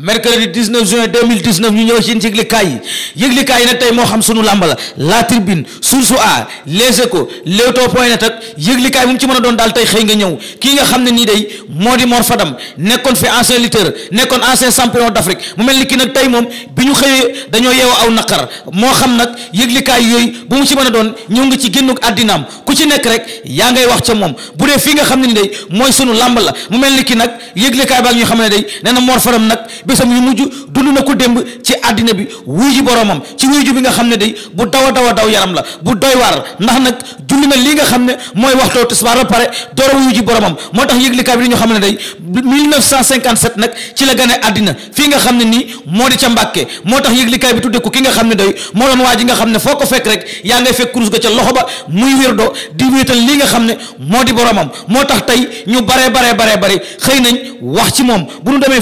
mercredi 19 juin 2019 ñu ñëw ci yëglikaay yi yëglikaay yi nag tey moo xam sunu làmb la la tribune source a les échos leewtoo point net ak yëglikaay bu a doon daal tey xëy nga ñëw kii nga xam ne nii moo di Mor Fadam nekkoon fi ancien lutteur nekkoon ancien champion d'Afrique mu mel ni kii nag tey moom bi ñu xëyee dañoo yeewa aw naqar moo xam nag yëglikaay yooyu bu mu ci mën a doon ñëw nga ci génn àddinaam ku ci nekk rek yaa ngay wax ca moom bu dee fii nga xam ne ni day mooy sunu làmb la mu mel ni ki nag yëglikaay ba ñuy xam ne day nee na Mor nag bésam yu mujj dund na ko démb ci àddina bi wuy boroomam ci wuy bi nga xam ne day bu daw a daw a daw yaram la bu doy waar ndax nag julli na lii nga xam ne mooy waxtoo tisbaar ba pare door a wuyu boroomam moo tax yëglikaay bi li xam ne day 1957 nag ci la gane àddina fii nga xam ne nii moo di ca Mbàkke moo tax yëglikaay bi tudde ko ki nga xam ne day moo doon waa ji nga xam ne foo ko fekk rek yaa ngay fekk kurus ga ca loxo ba muy wirdo di wéetal lii nga xam ne moo di boroomam moo tax tey ñu baree baree baree bare xëy nañ wax ci moom bu ñu demee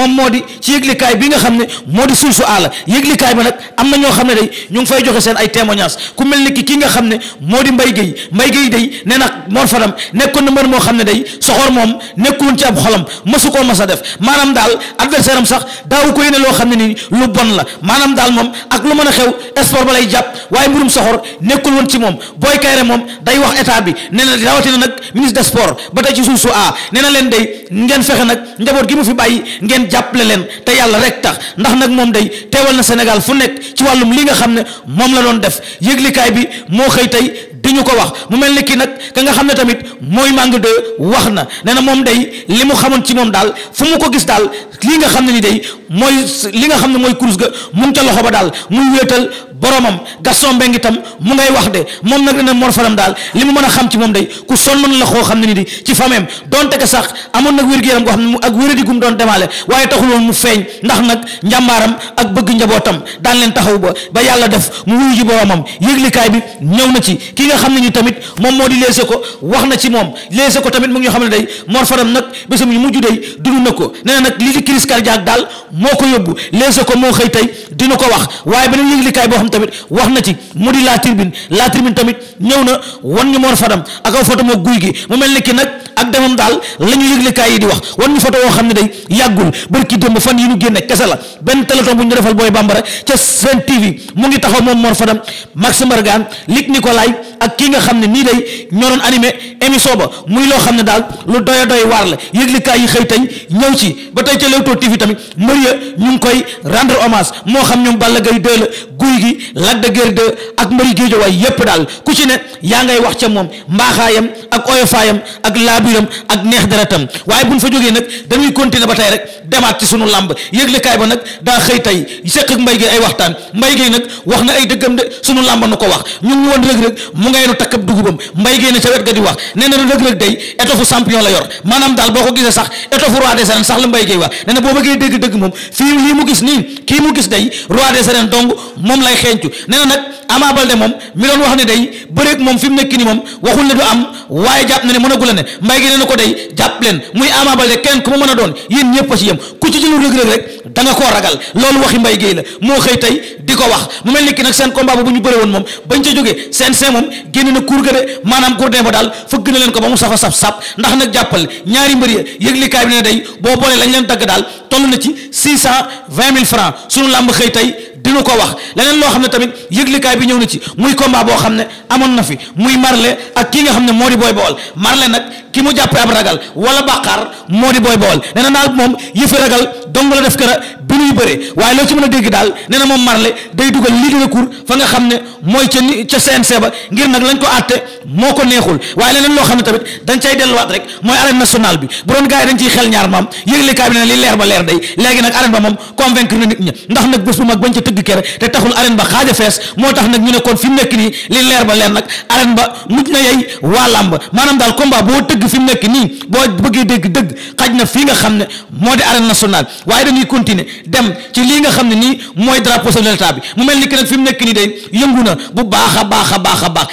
moom moo di ci yëglikaay bi nga xam ne moo di suuf su àll yëglikaay bi nag am na ñoo xam ne day ñu ngi fay joxe seen ay témoignages ku mel ni ki ki nga xam ne moo di mbay géey mbay géey day nee na Mor na mbër moo xam ne day soxor moom nekkuwoon ci ab xolam masu koo mas a def maanaam daal adversaire am sax daawu ko yéene loo xam ne nii lu bon la maanaam daal moom ak lu mën a xew sport ba lay jàpp waaye mbirum soxor nekkul woon ci moom booy kayre moom day wax état bi nee na rawatina nag ministre de sports ba tey ci suuf su a nee na leen day ngeen fexe nag njaboot gi mu fi bàyyi ngeen jàppale leen te yàlla rek tax ndax nag moom day teewal na Sénégal fu nekk ci wàllum li nga xam ne moom la doon def yëglikaay bi moo xëy tey di ñu ko wax mu mel ni kii nag ka nga xam ne tamit mooy màngo de wax na nee na moom day li mu xamoon ci moom daal fu mu ko gis daal lii nga xam ne ni day mooy li nga xam ne mooy kurus ga mu ngi ca loxo ba daal muy wéetal boromam Gaston Mbengue itam mu ngay wax de moom nag dana Mor Fadam daal li mu mën a xam ci moom day ku sonnoon la xoo xam ne ni di ci fameem donte que sax amoon nag wér-gu-yaram goo xam ne mu ak wéradi gum doon demaale waaye taxul woon taxaw ba ba yàlla def mu wuyu ji boromam yëglikaay bi ñëw na ci ki nga xam ne ni tamit moom moo di léese ko wax na ci moom léese ko tamit mu ngi xam ne day Mor Fadam nag bésam yu mujj day dund na ko nee na nag lii di crise daal moo ko yóbbu léese ko moo xëy tey dina ko wax waaye beneen yëglikaay boo xam moom tamit wax na ci mu di la tribune la tribune tamit ñëw na wan ñu Mor Fadam ak aw photo moo guy gi mu mel ni ki nag ak demam daal la ñu yëglekaay yi di wax wan ñu photo woo xam ne day yàggul barki démb fan yi ñu génne kese la benn téléthon bu ñu defal booy bambara ca seen TV mu ngi taxaw moom Mor Fadam Max Mbargane Luc Nicolaï ak kii nga xam ne nii day ñoo doon animé émission ba muy loo xam ne daal lu doy doy waar la yëglekaay yi xëy tey ñëw ci ba tey Lac de Guiers 2 ak mbëri géejowaay yépp daal ku ci ne yaa ngay wax ca moom mbaaxaayam ak oyofaayam ak laabiram ak neex deretam waaye buñ fa jógee nag dañuy continuer ba tey rek demaat ci sunu làmb yëglekaay ba nag daa xëy tey seq ak mbay géey ay waxtaan mbay géey nag wax na ay dëggam de sunu làmb nu ko wax ñu ngi woon rëg-rëg mu ngay nu takkab dugubam mbay géey na ca wet ga di wax nee na rëg-rëg day étoffu champion la yor maanaam daal boo ko gisee sax étoffu roi des arènes la mbay géey wax nee na boo bëggee dégg dëgg dencu nee na nag Ama Baldé moom mi doon wax ne day bëreeg moom fi mu nekk ni moom waxul ne du am waaye jàpp na ne mën a gula ne mbay gi na ko day jàpp leen muy Ama Baldé kenn ku mu mën a doon yéen ñëpp a ci yem ku ci jëlu rëg-rëg rek da koo ragal loolu waxi mbay géey la moo xëy tey di ko wax mu mel ni ki nag seen combat bu ñu bëre woon moom bañ ca jógee seen seen moom génn na kuur ga de maanaam cour ba daal fëgg na leen ko ba mu safa sa ndax nag jàppal ñaari mbër ya yëglikaay bi boo lañ leen dagg daal toll na ci six cent vingt mille francs suñu tey dinu ko wax leneen loo xam ne tamit yëglikaay bi ñëw na ci muy combat boo xam ne amoon na fi muy marle ak kii nga xam ne moo di booy bool marle nag ki mu jàppee ab ragal wala bàqaar moo di booy bool leneen daal moom yëfi ragal dong la def kara bi nuy bëree waaye loo ci mën a dégg daal nee na moom Marley day dugal ligue de cour fa nga xam ne mooy ca ni ca CNG ngir nag lañ ko àtte moo ko neexul waaye leneen loo xam ne tamit dañ cay delluwaat rek mooy arène nationale bi bu doon gars yi dañ ciy xel ñaar maam yëglekaay bi ne li leer ba leer day léegi nag arène ba moom convaincre na nit ñi ndax nag bés bu mag bañ ca te taxul arène ba xaaja fees moo tax nag ñu ne fi mu nekk nii li ba leer nag arène ba mujj na yey waa làmb maanaam daal combat boo tëgg fi mu nekk nii boo bëggee dégg dëgg xaj na fii nga xam ne moo di arène nationale waaye dañuy continuer dem ci lii nga xam ne nii mooy drapeau chef de l'état bi mu mel ni ki nag fi mu nekk nii day yëngu na bu baax a baax a baax a baax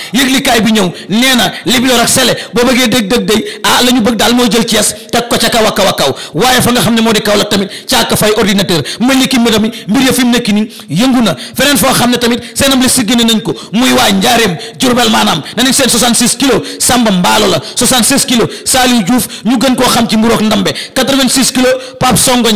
kaay bi ñëw nee na libiloor ak sele boo bëggee dëgg dëgg ah la ñu bëgg daal mooy jël Thiès teg ko ca kaw a kaw a kaw waaye fa nga xam ne moo di kaw la tamit caaka fay ordinateur mu mel ni ki mbir mi mbir ya fi mu nekk nii yëngu na feneen foo xam ne tamit seen am la si génne nañ ko muy waa njaareem jurbel maanaam nañ seen 66 kilos Samba Mbaalo la 66 kilos Saliou Diouf ñu gën koo xam ci mburook ndambe 86 kilos Pape Songo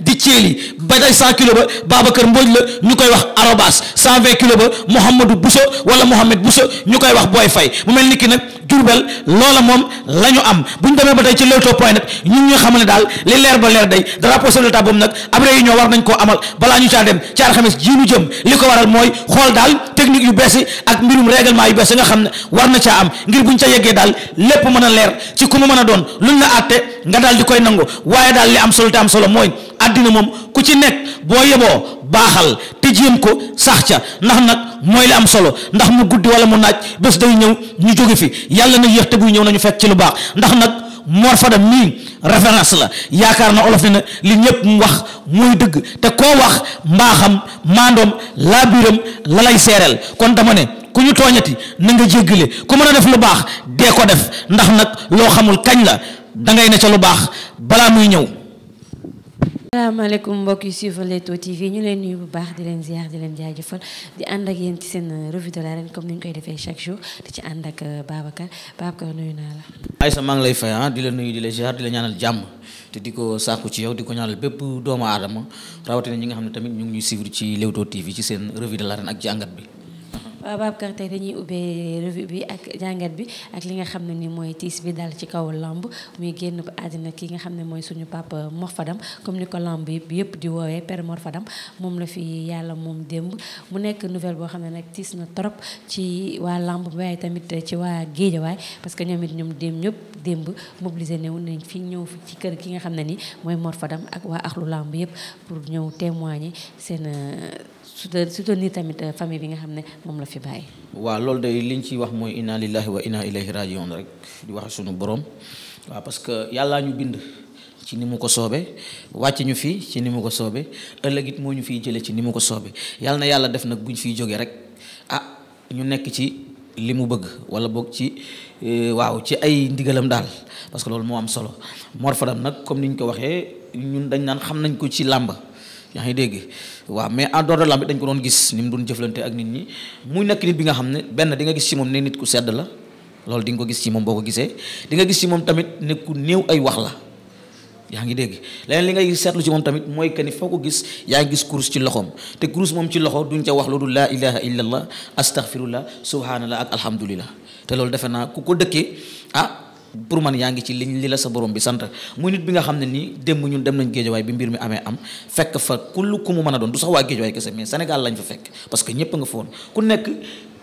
di ceeli ba day cent kilo ba Babacar Mbodj la ñu koy wax arobas cent vingt kilo ba Mouhamadou Bousso wala Mouhamed Bousso ñu koy wax booy fay mu mel ni ki nag Diourbel loola moom la ñu am bu ñu demee ba tey ci Leewtoo point net ñun ñu ne daal li leer ba leer day drapeau chef de l'État boobu nag ab réunion war nañ koo amal balaa ñu caa dem ci alxames ji ñu jëm li ko waral mooy xool daal technique yu bees yi ak mbirum règlement yu bees yi nga xam ne war na caa am ngir buñ ca yeggee daal lépp mën a leer ci ku mu mën a doon luñ la àtte nga daal di koy nangu waaye daal li am solo te am solo mooy àddina moom ku ci nekk boo yeboo baaxal te jéem ko sax ca ndax nag mooy li am solo ndax mu guddi wala mu naaj bés day ñëw ñu jóge fi yàlla na yéex te ñëw nañu fekk ci lu baax ndax nag Mor Fadam mii référence la yaakaar na olof na li ñëpp mu wax mooy dëgg te koo wax mbaaxam maandoom laa biiram la seereel kon dama ne ku ñu tooñati na nga jéggale ku mën a def lu baax dee ko def ndax nag loo xamul kañ la da ngay ne ca lu baax balaa muy ñëw salaamaaleykum mbokk yi suivre Leewtoo TV ñu leen nuyu bu baax di leen ziar di leen jaajëfal di ànd ak yéen ci seen euh, revue de l'arène comme ni ñu koy defee chaque jour di ci ànd ak euh, Babacar nuyu naa la. Aïssa maa ngi lay fay ah, di leen nuyu di la ziar di la ñaanal jàmm te di ko sàkku ci yow di ko ñaanal bépp doomu aadama rawatina ñi nga xam ne tamit ñu ngi ñuy suivre ci Leewtoo TV ci seen revue de l'arène ak jàngat bi. Euh, Babacar tey dañuy ubbee revue bi ak jàngat bi ak li nga xam ne ni mooy tiis bi dal ci kaw làmb muy génn àddina ki nga xam ne mooy suñu papa Mor comme ni ko lamb yëpp di woowee père Mor moom la fi yàlla moom démb mu nekk nouvelle boo xam ne nag tiis na trop ci waa lamb waaye tamit ci waa géejawaay parce que ñoom it ñoom démb ñëpp démb mobilisé néew nañ fi ñëw fi ci kër ki nga xam ne ni mooy morfadam ak waa axlu làmb yëpp pour ñëw témoigner seen euh, nii tamit euh, famille bi nga xam ne moom la fi bàyyi. waaw loolu li liñ ci wax mooy inna lillahi wa inna ilayhi rajiun rek di wax suñu borom waaw parce que yàllaa ñu bind ci ni mu ko soobee wàcc ñu fii ci ni mu ko soobee ëllëg it moo ñu fiy jëlee ci ni mu ko soobee yàlla na yàlla def nag buñ fiy jógee rek ah ñu nekk ci li mu bëgg wala boog ci euh, waaw ci ay ndigalam daal parce que loolu moo am solo Mor nag comme ni ñu ko waxee ñun dañ naan xam nañ ko ci làmba yaa ngi dégg waaw mais en dehors de lamb dañ ko doon gis ni mu doon jëflante ak nit ñi muy nekk nit bi nga xam ne benn di nga gis ci moom ne nit ku sedd la loolu di nga ko gis ci moom boo ko gisee di nga gis ci moom tamit ne ku néew ay wax la yaa ngi dégg leneen li ngay seetlu ci moom tamit mooy que ni foo ko gis yaa gis kurus ci loxoom te kurus moom ci loxo duñ ca wax lu dul laa ilaha illallah astaghfirullah subhanallah ak alhamdulillah te loolu defe naa ku ko dëkkee ah pour man yaa ngi ci li li la sa borom bi sant muy nit bi nga xam ne nii démb ñu dem nañ géejawaay bi mbir mi amee am fekk fa kull ku mu mën a doon du sax waa géejawaay kese mais Sénégal lañ fa fekk parce que ñëpp nga foon ku nekk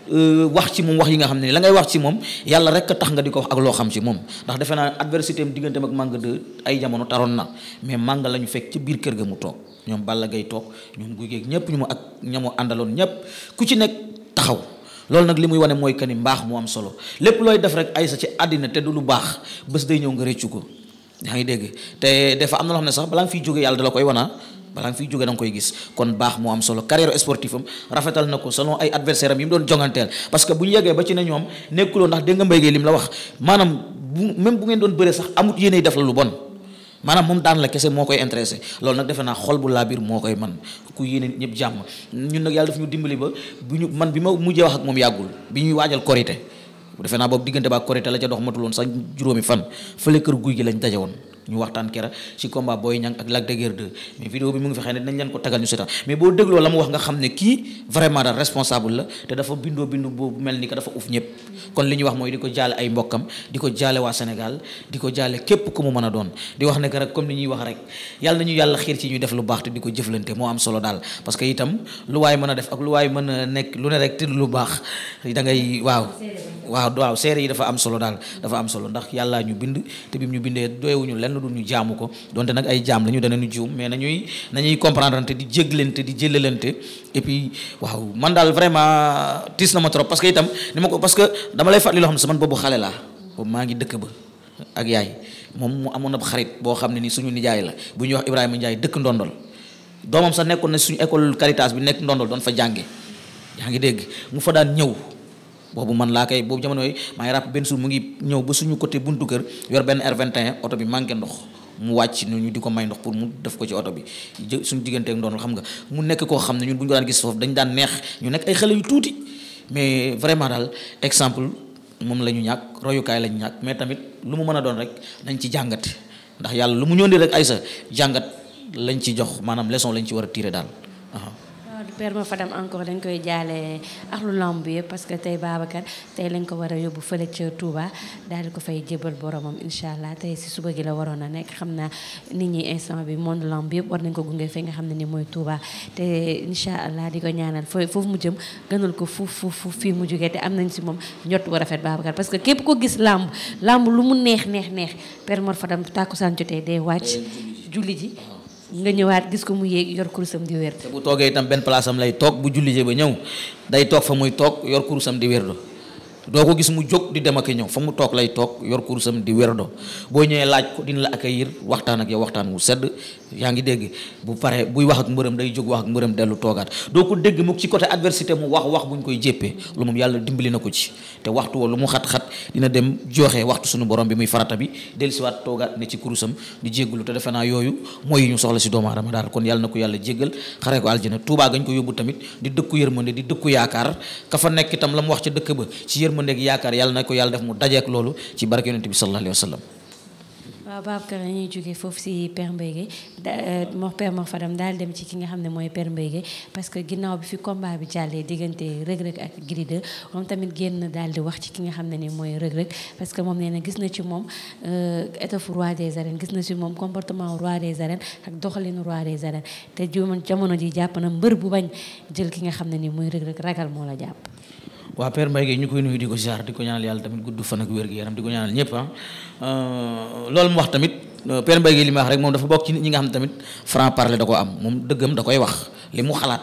euh, wax ci moom wax yi nga xam ne la ngay wax ci moom yàlla rek tax nga di ko ak loo xam ci moom ndax defe naa adversité am digganteem ak Manga 2 ay jamono taroon na mais màng la ñu fekk ci biir kër ga mu toog ñoom Balla Gaye toog ñoom Gouye Gui ñëpp ñu ma ak ñamu àndaloon ñëpp ku ci nekk taxaw loolu nag li muy wane mooy que ni mbaax mu am solo lépp looy def rek ay sa ci àddina te du lu baax bés day ñëw nga rëccu ko yaa ngi dégg te dafa am na loo xam ne sax balaa nga fiy jóge yàlla da la koy wana ah. balaa nga fiy jóge da nga koy gis kon baax moo am solo carrière sportive rafetal na ko solo ay adversaire am yi mu doon jonganteel parce que bu ñu yeggee ba ci ne ñoom nekkuloo ndax dégg nga mbéy gi lim la wax maanaam bu même bu ngeen doon bëree sax amut yéene def lu bon maanaam moom daan la kese moo koy intéressé loolu nag defe naa xol bu laa biir moo koy man ku yéene ñëpp jàmm ñun nag yàlla daf ñu dimbali ba bu ñu man bi ma mujj wax ak moom yàggul bi ñuy waajal korité defe naa boobu diggante baa korité la ca dox matul woon sax juróomi fan fële kër guy gi lañ daje woon ñu waxtaan kera ci combat Boy Niang ak Lac de Guiers 2 mais vidéo bi mu ngi fi xëy ne leen ko tagal ñu seetaan mais boo dégloo la mu wax nga xam ne kii vraiment daal te dafa bindoo bindu boobu mel ni que dafa uf ñëpp kon li ñuy wax mooy di ko jaale ay mbokkam di ko jaale waa Sénégal di ko jaale képp ku mu mën a doon wax ne que rek comme li ñuy wax rek yàlla nañu yàlla xiir ci ñuy def lu baax te di ko jëflante moo am solo daal parce que itam lu a def ak lu waay nekk lu ne rek lu baax da ngay waaw waaw waaw seere yi dafa am solo daal dafa am solo ndax yàlla ñu bind te bi ñu bindee doyewuñu lenn lu dul ñu jaamu ko donte nag ay jaam la ñu danañu juum mais nañuy nañuy comprendre te di jéglante di jëlalante et puis waaw man daal vraiment tiis na ma trop parce que itam ni ma ko parce que dama lay fàttali loo xam ne sa man boobu xale la boobu maa ngi dëkk ba ak yaay moom mu amoon ab xarit boo xam ne ni suñu nijaay la bu ñu wax Ibrahima Ndiaye dëkk ndondol doomam sax nekkoon na suñu école Caritas bi nekk ndondol doon fa jànge yaa ngi dégg mu fa daan ñëw boobu man laa koy boobu jamono yooyu maa ngi ràpp benn suur mu ngi ñëw ba suñu côté buntu kër yor benn R21 oto bi manqué ndox mu wàcc nu ñu di ko may ndox pour mu def ko ci oto bi suñu diggante ak xam nga mu nekk koo xam ne ñun bu ñu ko daan gis foofu dañ daan neex ñu nekk ay xale yu tuuti mais vraiment daal exemple moom la ñu ñàkk royukaay lañu ñu ñàkk mais tamit lu mu mën a doon rek nañ ci jàngat ndax yàlla lu mu ñëw rek ay sa jàngat lañ ci jox maanaam leçon lañ ci war a tirer daal père ma Fadam encore dañ koy jaale axlu lamb bi yëpp parce que tey Babacar tey lañ ko war a yóbbu fële ci Touba daal di ko fay jébal boromam incha allah tey si suba gi la waroon na nekk xam na nit ñi instant bi monde lamb bi yëpp war nañ ko gunge fee nga xam ne ni mooy Touba te incha allah di ko ñaanal foofu mu jëm gënal ko fuuf fuuf fuuf fii mu jógee te am nañ si moom ñott bu rafet Babacar parce que képp ko gis lamb lamb lu mu neex neex neex père Mor Fadam tàkkusaan jotee day wàcc julli ji nga ñëwaat gis ko mu yéeg yor kurusam di wér. te bu toogee itam benn place lay toog bu jullijee ba ñëw day toog fa muy toog yor kurusam di wér doo ko gis mu jóg di dem ak ñëw fa mu toog lay toog yor kursam di werdo boo ñëwee laaj ko dina la accueillir waxtaan ak yow waxtaan wu sedd yaa ngi dégg bu pare buy wax ak mbërëm day jóg wax ak mbërëm dellu toogaat doo ko dégg mu ci côté adversité mu wax wax bu ñu koy jéppee lu moom yàlla dimbali na ko ci te waxtu woo lu mu xat-xat dina dem joxe waxtu suñu borom bi muy farata bi dellusiwaat toogaat ne ci kursam di jéggulu te defe naa yooyu mooy ñu soxla si doomu aadama daal kon yàlla na ko yàlla jéggal xaree ko aljana Tuubaa gañ ko yóbbu tamit di dëkku yërmande di dëkku yaakaar ka fa nekk itam la ba yërmandeeg yaakaar yàlla na ko yàlla def mu dajeek loolu ci barke yonent bi sallallahu alayhi wa sallam waaw jógee foofu si Père Mbaye Gueye da euh, Père Mor dem ci ki nga xam ne mooy Père Mbaye Gueye que ginnaaw bi fi combat bi jàllee diggante Reug ak Gris 2 moom tamit génn daal di wax ci ki nga xam ne nii mooy Reug Reug parce que moom nee na gis na ci moom euh, étoffe roi des arènes gis na ci moom comportement roi des arènes ak doxalinu roi des arènes te jamono ji jàpp na mbër bu bañ jël ki nga xam ne nii mooy Reug Reug ragal moo la jàpp waa Père Mbaye Gueye koy nuyu di ko ziar di ko ñaanal yàlla tamit gudd fan ak wér gi yaram di ko ñaanal ñëpp ah. euh, loolu mu wax tamit euh, Père li mu wax rek moom dafa bokk ci ñi nga xam tamit franc parler da ko am moom dëggam da koy wax li mu xalaat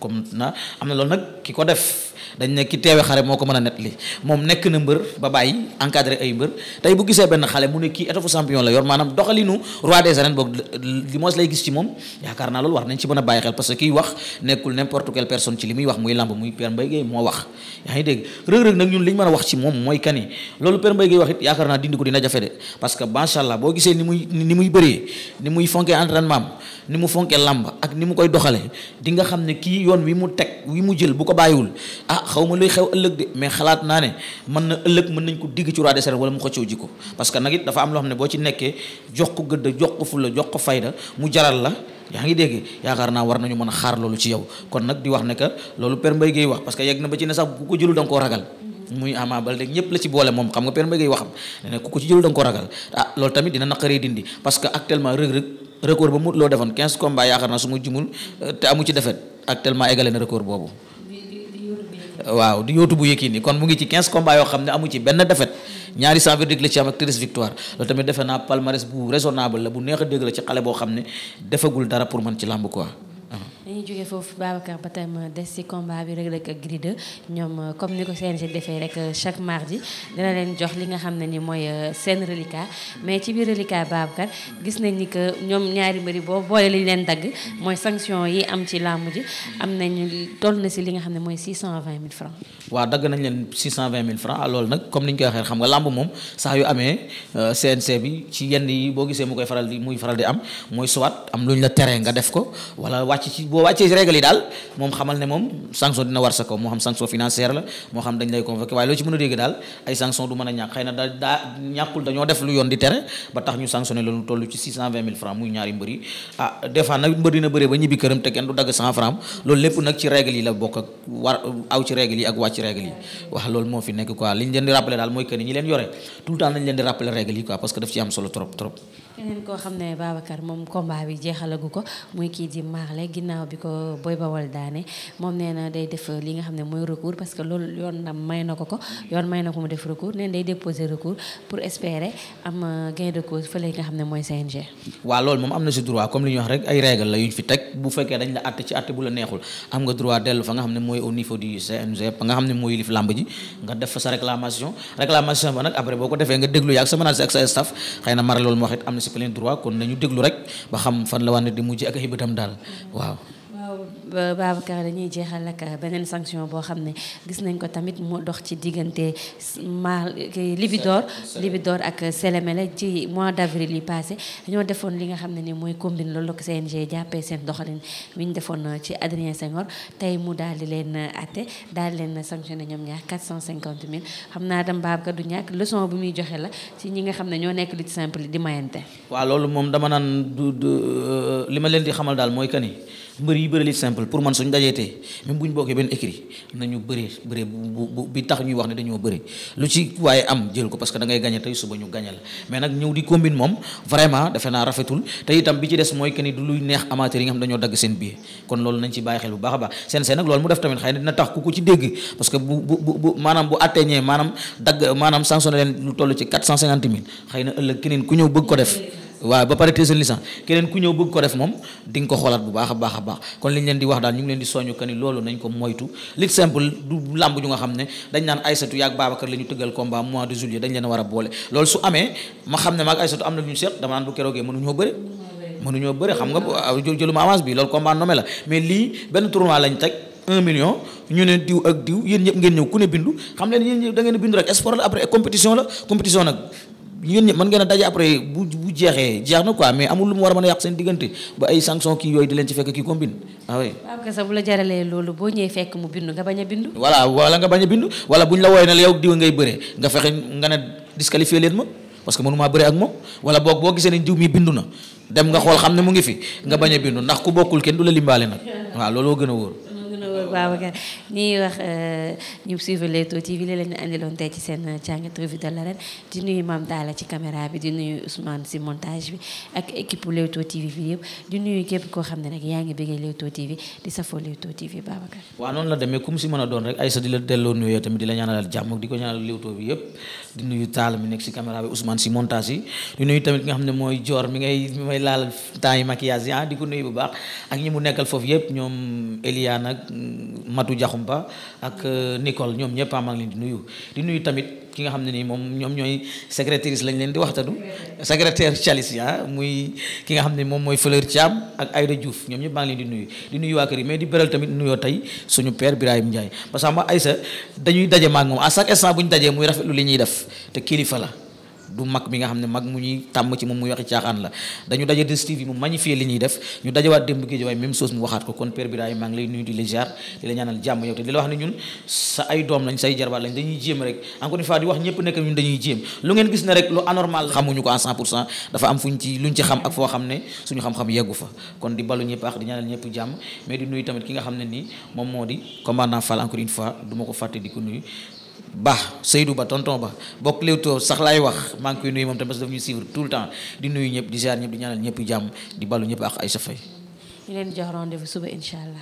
comme na am na loolu nag ki ko def dañ ne ki teewe xare moo ko mën a nettali moom nekk na mbër ba bàyyi encadré ay mbër tey bu gisee benn xale mu ne kii étoffe champion la yor maanaam doxalinu roi des arènes boog li mos lay gis ci moom yaakaar naa loolu war nañ ci mën a bàyyi xel parce que kiy wax nekkul n'importe quelle personne ci li muy wax muy lamb muy Père Mbaye Gueye moo wax yaa ngi dégg rëg a moom mooy kani loolu Père Mbaye Gueye wax it yaakaar naa dindi ko dina jafe ni muy ni muy bëree ni muy fonkee entraînement ni mu fonkee lamb ak ni mu koy doxale di nga xam ne kii yoon wi mu teg wi mu jël bu ko bàyyiwul ah xaw ma luy xew ëllëg de mais xalaat naa ne mën na ëllëg mën nañ ko digg ci roi des arènes wala mu xëccoo ji ko parce que nag it dafa am loo xam ne boo ci nekkee jox ko gëdd jox ko fulla jox fayda mu jaral la yaa ngi dégg yaakaar naa war nañu mën a xaar loolu ci yow kon nag di wax ne que loolu Père Mbaye Gueye wax parce que yegg na ba ci ne sax ku ko jëlu da nga ragal muy Ama Baldé ñëpp la ci boole moom xam nga Père Mbaye Gueye waxam ne ku ko ci jëlu da nga koo ragal ah loolu tamit dina naqaree mu loo defoon 15 combats yaakaar naa su ma jumul euh, te amu ci defet actuellement égalé na record boobu waaw di yootu bu Yékini kon mu ngi ci 15 combats yoo xam ne amu ci benn défaite ñaari sans verdict la ci am ak 13 victoire loolu tamit defe naa palmarès bu raisonnable la bu neex a dégg la ci xale boo xam ne defagul dara pour man ci làmb quoi dañuy jógee foofu Babacar ba tey des ci combat bi Reug Reug ak Gris ñoom euh, comme ni ko CNG defee rek euh, chaque mardi dina leen jox li nga xam ne ni mooy euh, seen reliquat mais ci biir reliquat Babacar gis nañ ni que ñoom ñaari mbëri boo boole li leen dagg mooy sanction yi am ci làmb ji am nañu toll na ci li nga xam ne mooy 620 000 francs waaw dagg nañ leen 620 000 francs ah, loolu nag comme ni ñu koy waxee xam nga làmb moom saa yu amee CNG bi ci yenn yi boo gisee mu koy faral di muy faral di am mooy soit am lu ñu la tere nga def ko boo wàccee règle yi daal moom xamal ne moom sanction dina war sa kaw moo xam sanction financière la moo xam dañ lay convoqué waaye loo ci mën a dégg daal ay sanction du mën a ñàkk xëy na da ñàkkul dañoo def lu yoon di tere ba tax ñu sanctionné loolu toll ci 620 000 francs muy ñaari mbër yi ah des nag mbër dina bëree ba ñibbi këram te kenn du dagg 100 francs loolu lépp nag ci règle yi la bokk ak aw ci règle yi ak wàcc règle keneen koo xam ne Babacar moom combat bi jeexalagu ko muy kii di Marley ginnaaw bi ko Boy Bawol daane moom nee day def li nga xam ne mooy recours parce que de moom am na si droit comme li ñu wax rek ay règle la yuñ fi teg bu fekkee dañ la àtte ci àtte bu la neexul am nga droit dellu fa nga xam ne mooy au niveau du CNG fa nga xam ne mooy lif làmb ji nga def fa sa réclamation réclamation ba nag après boo ko defee nga déglu yaag ak sa staff na Marley loolu moo wax c'est plein droit kon nañu déglu rek ba xam fan la wànne di mujj ak ay daal mm-hmm. waaw Babacar dañuy jeexal ak beneen sanction boo xam ne gis nañ ko tamit mu dox ci diggante ma Libidor Libidor ak Sélémélé ci mois d'avril yi passé ñoo defoon li nga xam ne ni mooy combine loolu ko CNG jàppee seen doxalin mi ñu defoon ci Adrien Senghor tey mu daal di leen atte daal di leen sanctionné ñoom ñaar 450 000 xam naa tam Babacar du ñàkk leçon bu muy joxe la ci ñi nga xam ne ñoo nekk lu simple di mayante waa loolu moom dama naan du du euh, li ma leen di xamal daal mooy kan mbër yi bëri li simple pour man suñ dajeetee même bu ñu bokkee benn écrit nañu bëree bëree bu bi tax ñuy wax ne dañoo bëri lu ci waaye am jël ko parce que da ngay tey suba ñu gagné la mais nag ñëw di combine moom vraiment defe naa rafetul te itam bi ci des mooy que ni du luy neex amateur yi nga xam dañoo dagg seen billet kon loolu nañ ci bàyyi xel bu baax a baax seen seen nag loolu mu def tamit xëy na dina tax ku ko ci dégg parce que bu bu maanaam bu maanaam dagg maanaam sanctionné leen lu toll ci 450 000 na ëllëg keneen ku ñëw bëgg ko def waaw ba pare tee seen licence keneen ku ñëw bëgg ko def moom di ko xoolaat bu baax a baax a baax kon li ñu leen di wax daal ñu ngi leen di soññu que ni loolu nañ ko moytu lit simple xam ne dañ naan Aysatu yaag Babacar la ñu tëggal combat mois de juillet dañ leen war a boole loolu su amee ma xam ne maag Aysatu bu keroogee mënuñoo bëri mënuñoo xam nga ah jëluma avance bi loolu combat nommé la mais lii benn tournoi lañ teg un million ñu ne diw ak diw yéen ñëpp ñëw ku ne bindu xam leen yéen da ngeen bindu rek sport la après compétition la compétition nag yéen ñi mën ngeen a daje après bu bu jeexee jeex na quoi mais amul lu mu war a man a yàq seen diggante ba ay sanction kii yooyu di leen ci fekk kii combine ah oui. waaw kese bu la jaralee loolu boo ñëwee fekk mu bindu nga bañ a bindu. voilà wala nga bañ a bindu wala buñ la wooyee ne la yow diw ngay bëree nga fexe nga ne disqualifié leen ma parce que mënumaa bëre ak moom wala boog boo gisee ne diw mi bindu na dem nga xool xam ne mu ngi fi nga bañ a bindu ndax ku bokkul kenn du la limbaale nag waaw looloo gën a Babacar ñuy wax euh, ñu suivre Leewtoo TV li lañu andiloon tey ci seen euh, jàngat revue de l'arène di nuyu Mame Talla ci caméra bi di nuyu Ousmane si montage bi ak koo xam ne rek yaa ngi bëggee Leewtoo TV di safoo Leewtoo TV Babacar. waaw noonu la demee comme si mën a doon rek Aïssa di la delloo nuyoo tamit di la ñaanalal jàmm di ko ñaanal Leewtoo bi yëpp di nuyu Talla mi nekk si caméra bi Ousmane si montage yi di nuyu tamit nga xam ne mooy Dior mi ngay mi may laal temps yi maquillage ah, matu jaxum ba ak euh, Nicole ñoom ñëpp maa ngi leen di nuyu di nuyu tamit ki nga xam ne nii moom ñoom ñooy secrétaire lañ leen di waxtanu secrétaire Thialis ya ah, muy ki nga xam ne moom mooy Fleur Thiam ak Aïda Diouf ñoom ñëpp maa ngi leen di nuyu di nuyu waa kër yi mais di beral tamit nuyoo tey suñu père Birahim Ndiaye parce que xam nga Aïssa dañuy daje maak moom à chaque instant bu ñu dajee muy rafetlu li ñuy def te kilifa la du mag mi nga xam ne mag mu ñuy tàmm ci moom muy waxi caaxaan la dañu daje des TV mu magnifier li ñuy def ñu dajawaat démb géej waaye même chose mu waxaat ko kon père Birahim maa ngi lay nuyu di la ziar di la ñaanal jàmm yow te di la rek encore une fois di wax ñëpp nekk ñun lu ngeen gis ne rek lu anormal xamuñu ko à 100 pour cent dafa am fuñ ci luñ ci xam ak foo xam ne suñu xam-xam kon di balu ñëpp ak di ñaanal ñëpp mais di nuyu tamit ki nga xam ne nii moom moo di commandant Fall encore ma ko fàtte di ku nuyu ba Seydou Ba tonton Ba bokk Leewtoo sax wax maa koy nuyu moom tamit parce que daf ñuy suivre tout le temps di nuyu ñëpp di ziar ñëpp di ñaanal ñëpp jàmm di ballu ñëpp ak ay sa fay ñu leen jox rendez suba incha allah